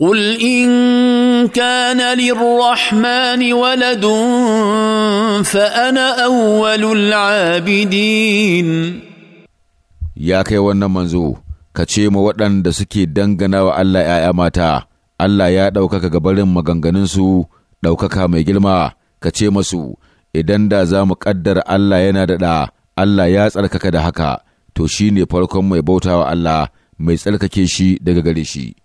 قل ان كان للرحمن ولد فانا اول العابدين ya kai wannan manzo ka ce ma waɗanda suke dangana wa Allah ‘ya'ya mata, Allah ya ɗaukaka gabarin maganganunsu ɗaukaka mai girma, ka ce masu, idan da za mu ƙaddara Allah yana da ɗa, Allah ya tsarkaka da haka, to shi ne farkon mai bauta wa Allah mai tsarkake shi daga gare shi.